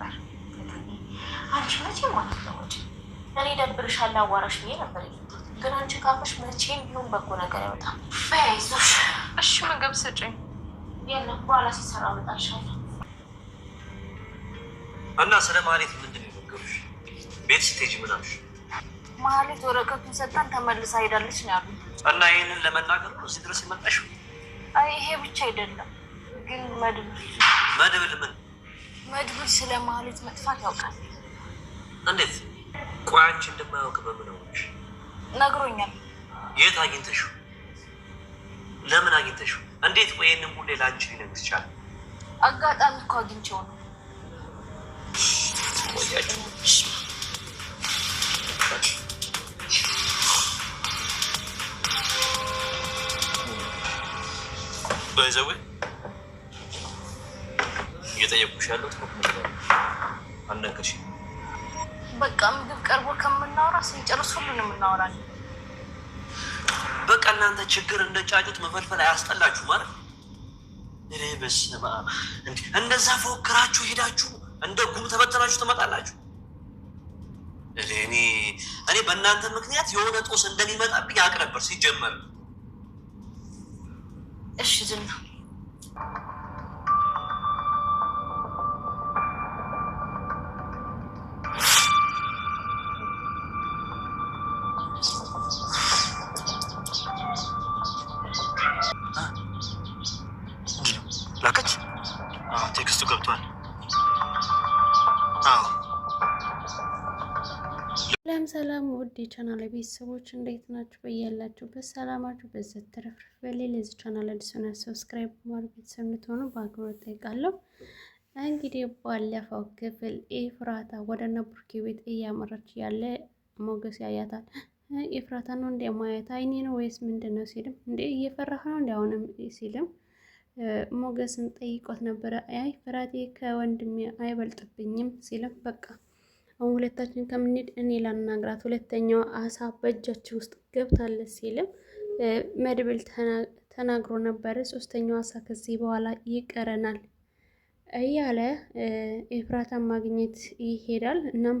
ነበር። አንቺ መቼ ማለት ነው ወጭ እኔ ደብርሻል አዋራሽ ብዬ ነበር የመጣሁት፣ ግን አንቺ ካፈሽ መቼም ቢሆን በጎ ነገር ያወጣል። አይዞሽ። እሺ ምግብ ስጭኝ። የለም በኋላ ሲሰራ መጣሻለ እና ስለ ማህሌት ምንድን ነው የነገሩሽ? ቤት ስትሄጂ ምን አልሽ? ማህሌት ወረቀቱን ሰጣን ተመልሳ ሄዳለች ነው ያሉ። እና ይህንን ለመናገር ነው እዚህ ድረስ የመጣሽው? ይሄ ብቻ አይደለም ግን መድብል መድብል ምን መድብል ስለ ማለት መጥፋት ያውቃል። እንዴት? ቆይ አንቺ እንደማያውቅ በምነውሽ ነግሮኛል። የት አግኝተሽው? ለምን አግኝተሽው? እንዴት? ቆይ ሁሌ ለአንቺ ሊነግስ ቻለ? አጋጣሚ እኮ አግኝቼው ነው። በዘዌ እየጠየቁሽ ያሉት አልነገርሽ። በቃ ምግብ ቀርቦ ከምናወራ ስንጨርስ ሁሉንም እናወራለን። በቃ እናንተ ችግር እንደ ጫጩት መፈልፈል አያስጠላችሁ ማለት እኔ በስመ አብ እንደዛ ፎክራችሁ ሄዳችሁ እንደ ጉም ተበተናችሁ ትመጣላችሁ። እኔ እኔ በእናንተ ምክንያት የሆነ ጦስ እንደሚመጣብኝ አውቅ ነበር ሲጀመር። እሺ ዝም የቻናል ቤተሰቦች እንዴት ናችሁ? በያላችሁበት በሰላማችሁ በዘት ተረፍርፍ በሌ ለዚህ ቻናል አዲሱና ሰብስክራይብ በማድረግ ቤተሰብ እንድትሆኑ በአክብሮት ጠይቃለሁ። እንግዲህ ባለፈው ክፍል ኤፍራታ ወደ እነ ቤት እያመራች ያለ ሞገስ ያያታል። ኤፍራታ ነው እንዲ ማየት አይኔ ነው ወይስ ምንድን ነው ሲልም፣ እንዲ እየፈራህ ነው እንዲ አሁንም ሲልም ሞገስን ጠይቆት ነበረ። አይ ፍራቴ ከወንድሜ አይበልጥብኝም ሲልም በቃ አሁን ሁለታችን ከምንሄድ እኔ ላናግራት፣ ሁለተኛው አሳ በእጃችን ውስጥ ገብታለች ሲልም መድብል ተናግሮ ነበረ። ሶስተኛው አሳ ከዚህ በኋላ ይቀረናል እያለ ኤፍራታን ማግኘት ይሄዳል። እናም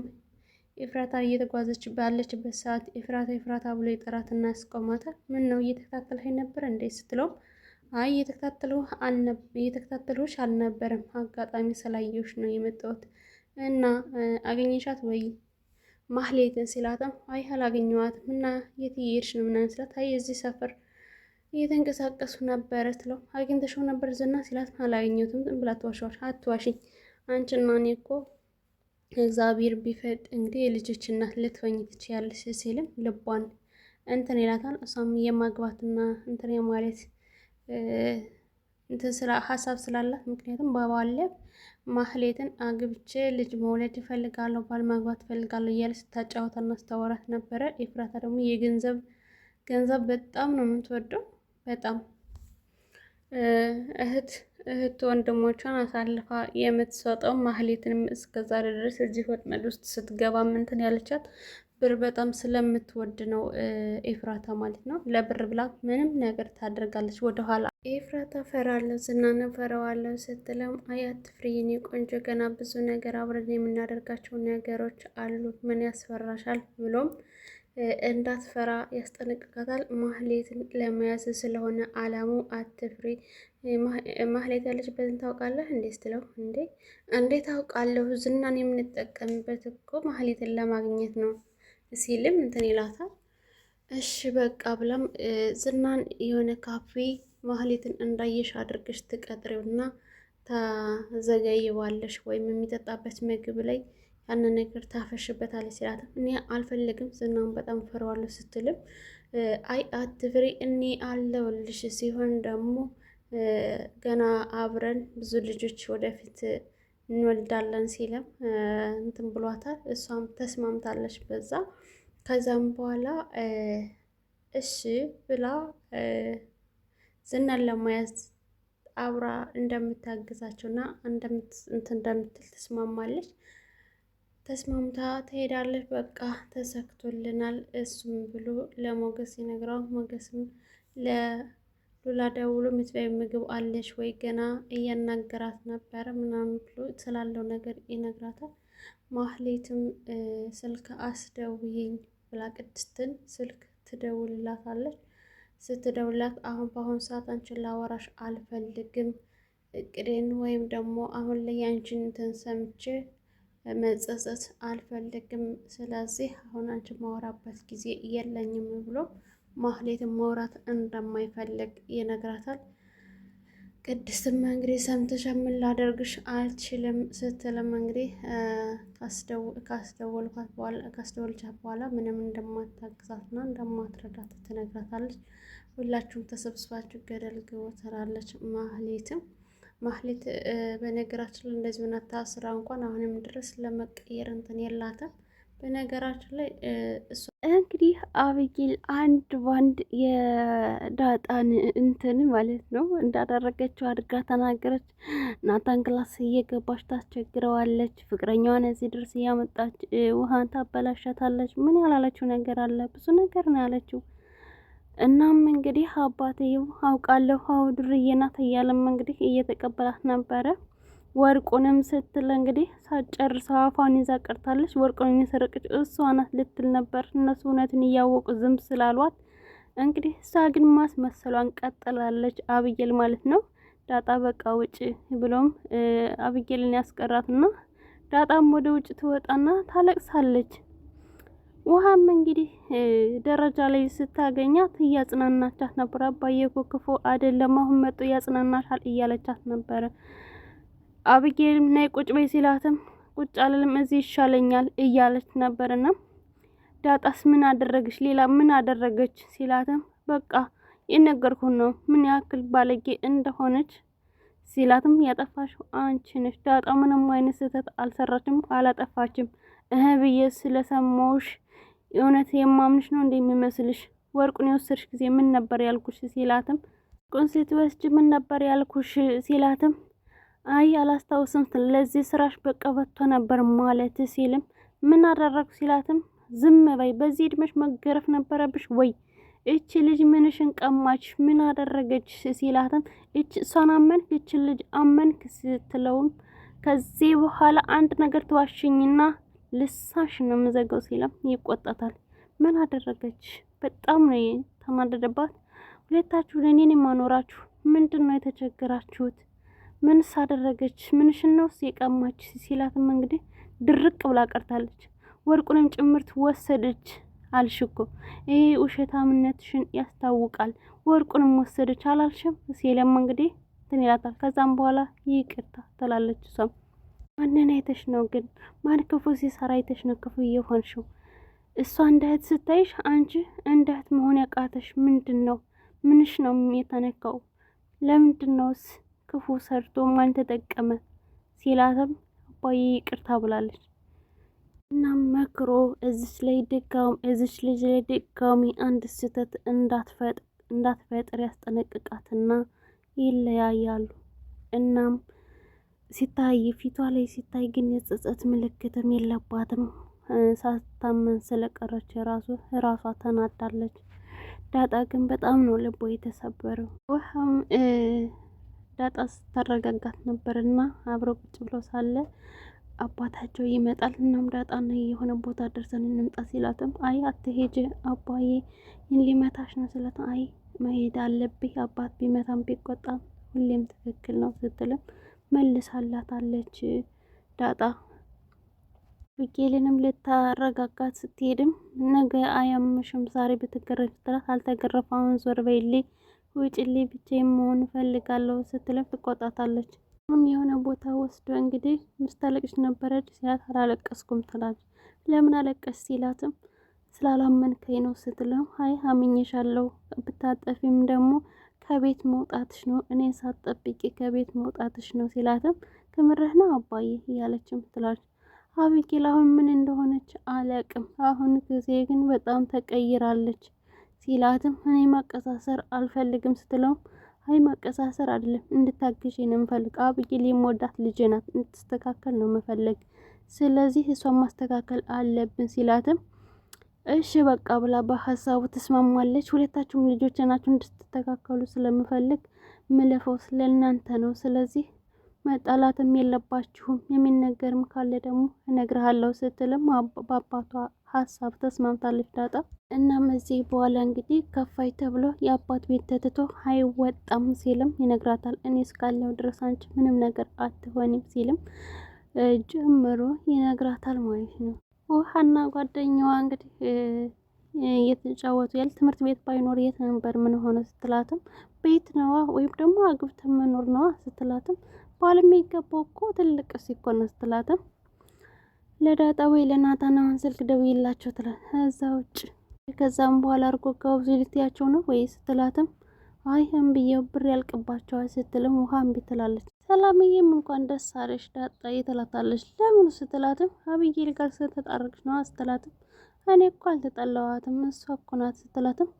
ኤፍራታ እየተጓዘች ባለችበት ሰዓት ኤፍራታ ኤፍራታ ብሎ የጠራትና ያስቆማታል። ምን ነው እየተከታተልኸኝ ነበር እንዴ ስትለውም አይ እየተከታተሉሽ አልነበረም፣ አጋጣሚ ስላየሁሽ ነው የመጣሁት እና አገኘሻት ወይ ማህሌትን ሲላትም አይ አላገኘኋትም እና የት እየሄድሽ ነው ምናምን ስላት አይ እዚህ ሰፈር እየተንቀሳቀሱ ነበረ ስለው አግኝተሽው ነበር ዝና ሲላት አላገኘሁትም ዝም ብላ አትዋሸዋል አትዋሽኝ አንቺና እኔ እኮ እግዚአብሔር ቢፈቅድ እንግዲህ የልጆች እናት ልትሆኝ ትችያለሽ ሲልም ልቧን እንትን ይላታል እሷም የማግባትና እንትን የማለት እንትን ስራ ሀሳብ ስላላት ምክንያቱም በባለ ማህሌትን አግብቼ ልጅ መውለድ ይፈልጋለሁ ባል ማግባት ይፈልጋለሁ እያለ ስታጫወታ እናስተዋራት ነበረ። ኤፍራታ ደግሞ የገንዘብ ገንዘብ በጣም ነው የምትወደው። በጣም እህት እህት ወንድሞቿን አሳልፋ የምትሰጠው ማህሌትንም እስከዛሬ ድረስ እዚህ ወጥመድ ውስጥ ስትገባ ምንትን ያለቻት ብር በጣም ስለምትወድ ነው ኤፍራታ ማለት ነው። ለብር ብላ ምንም ነገር ታደርጋለች ወደኋላ ኤፍራታ ፈራለሁ ዝናን ፈራዋለሁ ስትለም፣ አያት አትፍሪ የኔ ቆንጆ ገና ብዙ ነገር አብረን የምናደርጋቸው ነገሮች አሉ ምን ያስፈራሻል? ብሎም እንዳትፈራ ያስጠነቅቃታል። ማህሌትን ለመያዝ ስለሆነ አላማው አትፍሪ ማህሌት ያለችበትን ታውቃለህ እንዴ? ስትለው እንዴ እንዴት ታውቃለሁ? ዝናን የምንጠቀምበት እኮ ማህሌትን ለማግኘት ነው ሲልም እንትን ይላታል። እሺ በቃ ብላም ዝናን የሆነ ካፌ ማህሌትን እንዳየሽ አድርገሽ ትቀጥሪውና ታዘገይዋለሽ ወይም የሚጠጣበት ምግብ ላይ ያንን ነገር ታፈሽበታለች ሲላት፣ እኔ አልፈለግም ዝናም በጣም ፈረዋለሁ ስትልም አይ አትፍሪ እኔ ልሽ ሲሆን ደግሞ ገና አብረን ብዙ ልጆች ወደፊት እንወልዳለን ሲልም እንትን ብሏታል። እሷም ተስማምታለች በዛ ከዛም በኋላ እሺ ብላ ዝናን ለማያዝ አብራ እንደምታግዛቸው እና እንደምትል ትስማማለች። ተስማምታ ትሄዳለች። በቃ ተሰክቶልናል እሱም ብሎ ለሞገስ ይነግራው። ሞገስም ለሉላ ደውሎ የምትበይው ምግብ አለሽ ወይ ገና እያናገራት ነበረ ምናምን ብሎ ስላለው ነገር ይነግራታል። ማህሌትም ስልክ አስደውይኝ ብላ ቅድስትን ስልክ ትደውልላታለች። ስትደውላት አሁን በአሁኑ ሰዓት አንቺን ላወራሽ አልፈልግም፣ እቅዴን ወይም ደግሞ አሁን ላይ ያንቺን እንትን ሰምቼ መጸጸት አልፈልግም፣ ስለዚህ አሁን አንች ማወራበት ጊዜ የለኝም ብሎ ማህሌትን ማውራት እንደማይፈልግ ይነግራታል። ቅድስትማ እንግዲህ ሰምተሻ ምን ላደርግሽ አልችልም ስትልም እንግዲህ ካስደወልኳት ካስደወልቻት በኋላ ምንም እንደማታግዛትና እንደማትረዳት ትነግራታለች። ሁላችሁም ተሰብስባችሁ ገደል ግቡ ትላለች። ማህሌትም ማህሌት በነገራችን ላይ እንደዚህ ሆና ታስራ እንኳን አሁንም ድረስ ለመቀየር እንትን የላትም። በነገራችን ላይ እንግዲህ አብጊል አንድ ባንድ የዳጣን እንትን ማለት ነው እንዳደረገችው አድርጋ ተናገረች። ናታን ክላስ እየገባች ታስቸግረዋለች። ፍቅረኛዋን እዚህ ድረስ እያመጣች ውሃን ታበላሻታለች። ምን ያላለችው ነገር አለ? ብዙ ነገር ነው ያለችው። እናም እንግዲህ አባትየው አውቃለሁ አው ድርዬ ናት እያለም እንግዲህ እየተቀበላት ነበረ። ወርቁንም ስትል እንግዲህ ሳጨርስ አፏን ይዛ ቀርታለች። ወርቁን የሰረቀች እሷ ናት ልትል ነበር። እነሱ እውነትን እያወቁ ዝም ስላሏት እንግዲህ እሷ ግን ማስመሰሏን ቀጥላለች። አብየል ማለት ነው። ዳጣ በቃ ውጭ ብሎም አብየልን ያስቀራትና ዳጣም ወደ ውጭ ትወጣና ታለቅሳለች። ውሃም እንግዲህ ደረጃ ላይ ስታገኛት እያጽናናቻት ነበር። አባዬ እኮ ክፉ አይደለም አሁን መጡ ያጽናናሻል እያለቻት ነበረ። አብጌል ነይ ቁጭ በይ ሲላትም ቁጭ አልልም እዚህ ይሻለኛል እያለች ነበርና ዳጣስ ምን አደረገች ሌላ ምን አደረገች ሲላትም በቃ የነገርኩን ነው ምን ያክል ባለጌ እንደሆነች ሲላትም ያጠፋሽው አንቺ ነሽ ዳጣ ምንም አይነት ስህተት አልሰራችም አላጠፋችም እህ ብዬ ስለሰማውሽ የእውነት የማምንሽ ነው እንደሚመስልሽ ወርቁን የወሰድሽ ጊዜ ምን ነበር ያልኩሽ ሲላትም ቁንሲት ወስጅ ምን ነበር ያልኩሽ ሲላትም አይ አላስታውስም፣ ለዚህ ስራሽ በቀበቶ ነበር ማለት ሲልም ምን አደረግ ሲላትም ዝም በይ፣ በዚህ እድሜሽ መገረፍ ነበረብሽ ወይ? እች ልጅ ምንሽን ቀማች? ምን አደረገች? ሲላትም እች እሷን አመንክ፣ እች ልጅ አመንክ ስትለውም ከዚህ በኋላ አንድ ነገር ትዋሽኝና ልሳሽን ነው የምዘጋው ሲልም ይቆጣታል። ምን አደረገች? በጣም ነው ተናደደባት። ሁለታችሁ ለእኔን የማኖራችሁ ምንድን ነው የተቸገራችሁት? ምንስ አደረገች? ምንሽን ነውስ የቀማች ሲላትም እንግዲህ ድርቅ ብላ ቀርታለች። ወርቁንም ጭምርት ወሰደች አልሽ እኮ ይሄ ውሸታምነትሽን ያስታውቃል። ወርቁንም ወሰደች አላልሽም? ሲልም እንግዲህ እንትን ይላታል። ከዛም በኋላ ይቅርታ ትላለች። እሷም ማንን አይተሽ ነው ግን ማን ክፉ ሲሰራ አይተሽ ነው ክፉ እየሆንሽው? እሷ እንደ እህት ስታይሽ አንቺ እንደ እህት መሆን ያቃተሽ ምንድን ነው? ምንሽ ነው የተነካው? ለምንድን ነውስ ክፉ ማን ተጠቀመ ሲላትም አባዬ ይቅርታ ብላለች። እናም መክሮ እዚች ላይ ድጋሚ እዚች ልጅ ላይ ድጋሚ አንድ ስህተት እንዳትፈጥር ያስጠነቅቃትና ይለያያሉ። እናም ሲታይ ፊቷ ላይ ሲታይ ግን የጸጸት ምልክትም የለባትም። ሳታመን ስለቀረች ራሱ ራሷ ተናዳለች። ዳጣ ግን በጣም ነው ልቦ የተሰበረው። ውሃም ዳጣ ስታረጋጋት ነበር እና አብረው ቁጭ ብለው ሳለ አባታቸው ይመጣል። እናም ዳጣና የሆነ ቦታ ደርሰን እንምጣ ሲላትም አይ አትሄጅ አባዬ ሊመታሽ ነው ስለት፣ አይ መሄድ አለብኝ አባት ቢመታም ቢቆጣም ሁሌም ትክክል ነው ስትልም መልሳላት አለች ዳጣ። ሚካኤልንም ልታረጋጋት ስትሄድም ነገ አያምሽም ዛሬ ብትገረፍ ስትላት አልተገረፋ አሁን ዞር በይልኝ ውጭሌ ብቻዬን መሆን እፈልጋለሁ ስትልም ትቆጣታለች። አሁን የሆነ ቦታ ወስዶ እንግዲህ ምስታለቅሽ ነበረች ሲላት አላለቀስኩም ትላለች። ለምን አለቀስ ሲላትም ስላላመንከኝ ነው ስትለው አይ አምኜሻለሁ፣ ብታጠፊም ደግሞ ከቤት መውጣትሽ ነው እኔ ሳትጠብቂ ከቤት መውጣትሽ ነው ሲላትም ክምርህ ነው አባዬ እያለችም ትላለች። አቢጌል አሁን ምን እንደሆነች አላቅም። አሁን ጊዜ ግን በጣም ተቀይራለች። ሲላትም እኔ ማቀሳሰር አልፈልግም ስትለውም አይ ማቀሳሰር አይደለም እንድታግሽ ነው የምፈልግ። አብይል የምወዳት ናት፣ እንድትስተካከል ነው መፈለግ። ስለዚህ እሷን ማስተካከል አለብን ሲላትም እሺ በቃ ብላ በሀሳቡ ትስማማለች። ሁለታችሁም ልጆች ናችሁ፣ እንድትስተካከሉ ስለምፈልግ ምለፈው ስለእናንተ ነው። ስለዚህ መጣላትም የለባችሁም፣ የሚነገርም ካለ ደግሞ እነግርሃለሁ ስትልም በአባቷ ሀሳብ ተስማምታለች ዳጣ። እናም እዚህ በኋላ እንግዲህ ከፋይ ተብሎ የአባት ቤት ተትቶ አይወጣም ሲልም ይነግራታል። እኔ እስካለው ድረስ አንቺ ምንም ነገር አትሆንም ሲልም ጀምሮ ይነግራታል ማለት ነው። ውሃና ጓደኛዋ እንግዲህ እየተጫወቱ ያል ትምህርት ቤት ባይኖር የት ነበር ምን ሆነ ስትላትም ቤት ነዋ ወይም ደግሞ አግብተ መኖር ነዋ ስትላትም ባል የሚገባው እኮ ትልቅ ሲኮነ ስትላትም ለዳጣ ወይ ለናታን አሁን ስልክ ደውዬላቸው ትላል። ከዛ ውጭ ከዛም በኋላ አርጎ ጋብዙ ልትያቸው ነው ወይ ስትላትም አይ እምብዬው ብር ያልቅባቸዋል ስትልም ውሃ እምቢ ትላለች። ሰላምዬም እንኳን ደስ አለሽ ዳጣዬ ትላታለች። ለምኑ ስትላትም አብዬ ጋር ስለተጣረቅሽ ነው ስትላትም እኔ እኮ አልተጠላዋትም እሷ እኮ ናት ስትላትም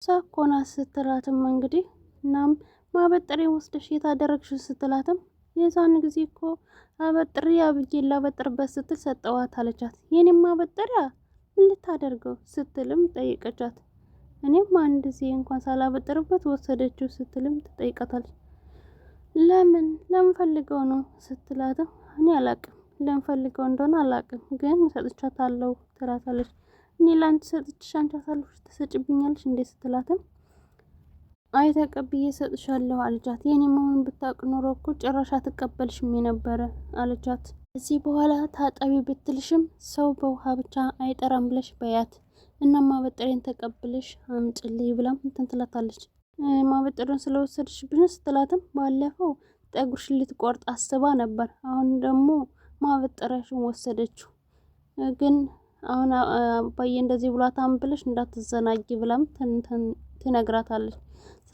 እሷ እኮ ናት ስትላትም እንግዲህ እናም ማበጠሬ ወስደሽ የታደረግሽ ስትላትም የዛን ጊዜ እኮ አበጥሬ አብጌ ላበጥርበት ስትል ሰጠዋት አለቻት። የኔም ማበጠሪያ ምን ልታደርገው ስትልም ጠይቀቻት። እኔም አንድ ጊዜ እንኳን ሳላበጥርበት ወሰደችው ስትልም ትጠይቃታለች። ለምን ለምፈልገው ነው ስትላትም እኔ አላቅም ለምፈልገው እንደሆነ አላቅም ግን ሰጥቻታለሁ ትላታለች። እኔ ለአንቺ ሰጥቼ አንቺ አሳልፈሽ ትሰጭብኛለሽ እንዴት ስትላትም አይ ተቀብዬ እሰጥሻለሁ አለቻት። የኔ መሆኑን ብታውቅ ኖሮ እኮ ጭራሽ አትቀበልሽም የነበረ አለቻት። እዚህ በኋላ ታጠቢ ብትልሽም ሰው በውሃ ብቻ አይጠራም ብለሽ በያት እና ማበጠሬን ተቀብለሽ አምጭልኝ ብላም እንትን ትላታለች። ማበጠሬን ስለወሰድሽ ብን ስትላትም ባለፈው ጠጉርሽን ልትቆርጥ አስባ ነበር፣ አሁን ደግሞ ማበጠሪያሽን ወሰደችው። ግን አሁን አባዬ እንደዚህ ብሏታም ብለሽ እንዳትዘናጊ ብላም ትነግራታለች።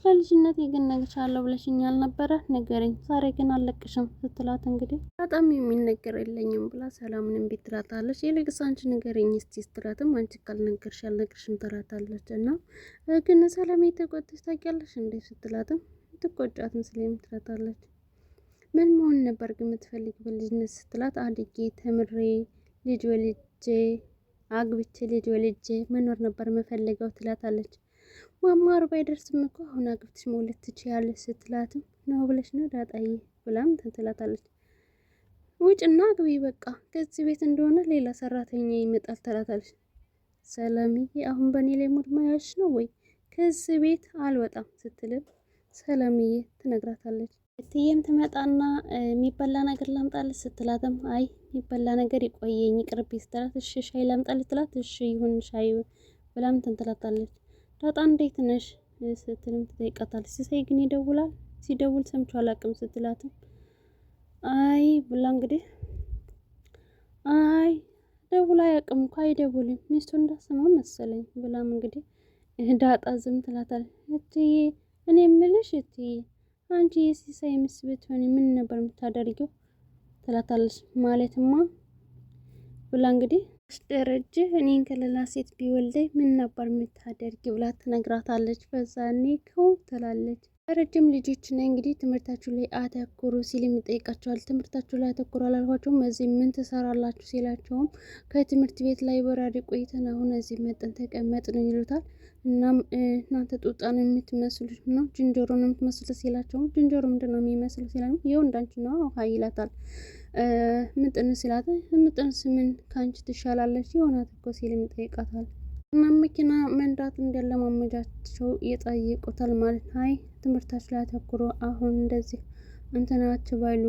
ስለ ልጅነቴ ግን ነግርሻለሁ ብለሽኝ አልነበረ ንገረኝ። ዛሬ ግን አለቅሽም ስትላት እንግዲህ በጣም የሚነገር የለኝም ብላ ሰላምን እምቢ ትላታለች። ይልቅስ አንቺ ንገረኝ እስቲ ስትላትም አንቺ ካልነገርሽ አልነግርሽም ትላታለች። እና ግን ሰላም ተቆጥተሽ ታውቂያለሽ እንዴ ስትላትም ትቆጫትም ስለሚ ትላታለች። ምን መሆን ነበር ግን የምትፈልጊ በልጅነት ስትላት አድጌ ተምሬ ልጅ ወልጄ አግብቼ ልጅ ወልጄ መኖር ነበር መፈለገው ትላታለች። ማማሩ ባይደርስም እኮ አሁን አግብተሽ መውለድ ትችያለሽ ስትላትም ነው ብለሽ ነው ዳጣዬ ብላም ትንትላታለች። ውጭና ግቢ በቃ ከዚህ ቤት እንደሆነ ሌላ ሰራተኛ ይመጣል ትላታለች። ሰላምዬ አሁን በእኔ ላይ ሙድ መያሽ ነው ወይ ከዚህ ቤት አልወጣም ስትልም ሰላምዬ ትነግራታለች። እትዬም ትመጣና የሚበላ ነገር ላምጣልሽ ስትላትም አይ የሚበላ ነገር ይቆየኝ ይቅርብ ስትላት እሺ ሻይ ላምጣልሽ ስትላት እሺ ይሁን ሻይ ብላም ትንትላታለች። ዳጣ እንዴት ነሽ ስትልም ትጠይቃታለች። ሲሳይ ግን ይደውላል። ሲደውል ሰምቼው አላውቅም ስትላትም አይ ብላ እንግዲህ አይ ደውላ አያውቅም እኮ አይደውልም ሚስቱ እንዳሰማ መሰለኝ ብላም እንግዲህ ዳጣ ዝም ትላታል። እትዬ እኔ የምልሽ እትዬ አንቺ የሲሳይ ሚስት ብትሆን ምን ነበር የምታደርጊው? ትላታለች ማለትማ ብላ እንግዲህ ደረጀ እኔን ከሌላ ሴት ቢወልደኝ ምን ነበር የምታደርጊ ብላ ትነግራታለች። በዛኔ ከው ትላለች። ረጅም ልጆች ና እንግዲህ ትምህርታችሁ ላይ አተኩሩ ሲልም ይጠይቃቸዋል። ትምህርታችሁ ላይ አተኩሩ አላልኳቸውም እዚህ ምን ትሰራላችሁ ሲላቸውም ከትምህርት ቤት ላይ በራሪ ቆይተን አሁን እዚህ መጠን ተቀመጥ ነው ይሉታል። እናም እናንተ ጦጣን የምትመስሉት ነው ዝንጀሮን የምትመስሉት ሲላቸውም ዝንጀሮ ምንድን ነው የሚመስል ሲላ ይኸው እንዳንቺ ነው ይላታል። ምጥን ሲላት ምጥንስ ምን ከአንቺ ትሻላለች የሆናት እኮ ሲልም ይጠይቃታል። እና መኪና መንዳት እንደለማመጃቸው የጠይቁታል ማለት አይ ትምህርታች ላይ አተኩሮ አሁን እንደዚህ እንትናቸው ባይሉ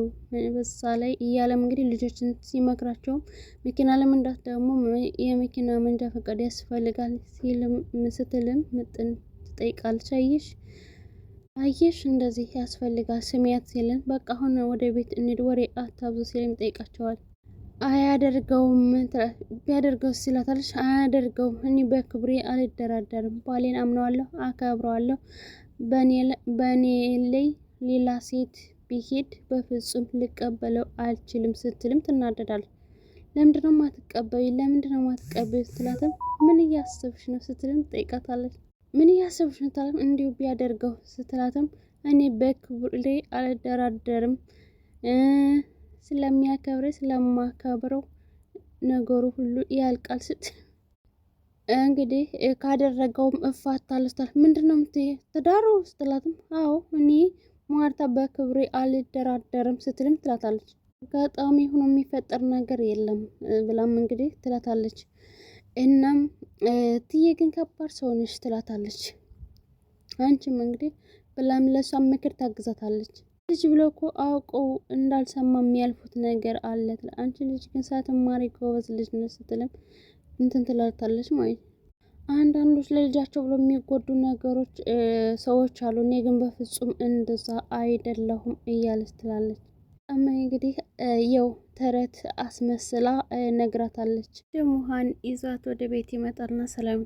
በዛ ላይ እያለም እንግዲህ ልጆችን ሲመክራቸው መኪና ለመንዳት ደግሞ የመኪና መንጃ ፈቃድ ያስፈልጋል ሲልም ስትልም ምጥን ትጠይቃለች። አየሽ አየሽ እንደዚህ ያስፈልጋል ስሚያት ሲልን በቃ አሁን ወደ ቤት እንሂድ ወሬ አታብዙ ሲልም ይጠይቃቸዋል። አያደርገውም ቢያደርገው ሲላታለች። አያደርገውም እኔ በክብሬ አልደራደርም፣ ባሌን አምነዋለሁ፣ አከብረዋለሁ። በእኔ ላይ ሌላ ሴት ቢሄድ በፍጹም ልቀበለው አልችልም ስትልም ትናደዳለች። ለምንድነው ማትቀበዩ? ለምንድነው ማትቀበዩ? ስትላትም ምን እያሰብሽ ነው ስትልም ትጠይቃታለች። ምን እያሰብሽ ነው ታለም እንዲሁ ቢያደርገው ስትላትም እኔ በክብሬ አልደራደርም ስለሚያከብረ ስለማከብረው ነገሩ ሁሉ ያልቃል ስት እንግዲህ ካደረገውም እፋታለሁ ስትላት ምንድን ነው የምትይው ትዳሩ ስትላትም አዎ እኔ ማርታ በክብሬ አልደራደርም ስትልም ትላታለች። አጋጣሚ ሆኖ የሚፈጠር ነገር የለም ብላም እንግዲህ ትላታለች። እናም ትዬ ግን ከባድ ሰው ነሽ ትላታለች። አንቺም እንግዲህ ብላም ለሷ ምክር ታግዛታለች። ልጅ ብሎ እኮ አውቀው እንዳልሰማ የሚያልፉት ነገር አለ። አንቺ ልጅ ግን ሳትማሪ ጎበዝ ልጅ ነሽ ስትልም እንትን ትላታለች ማለት ነው። አንዳንዶች ለልጃቸው ብሎ የሚጎዱ ነገሮች ሰዎች አሉ። እኔ ግን በፍጹም እንደዛ አይደለሁም እያለች ትላለች። እማዬ እንግዲህ የው ተረት አስመስላ ነግራታለች። ደም ይዛት ወደ ቤት ይመጣልና ሰላም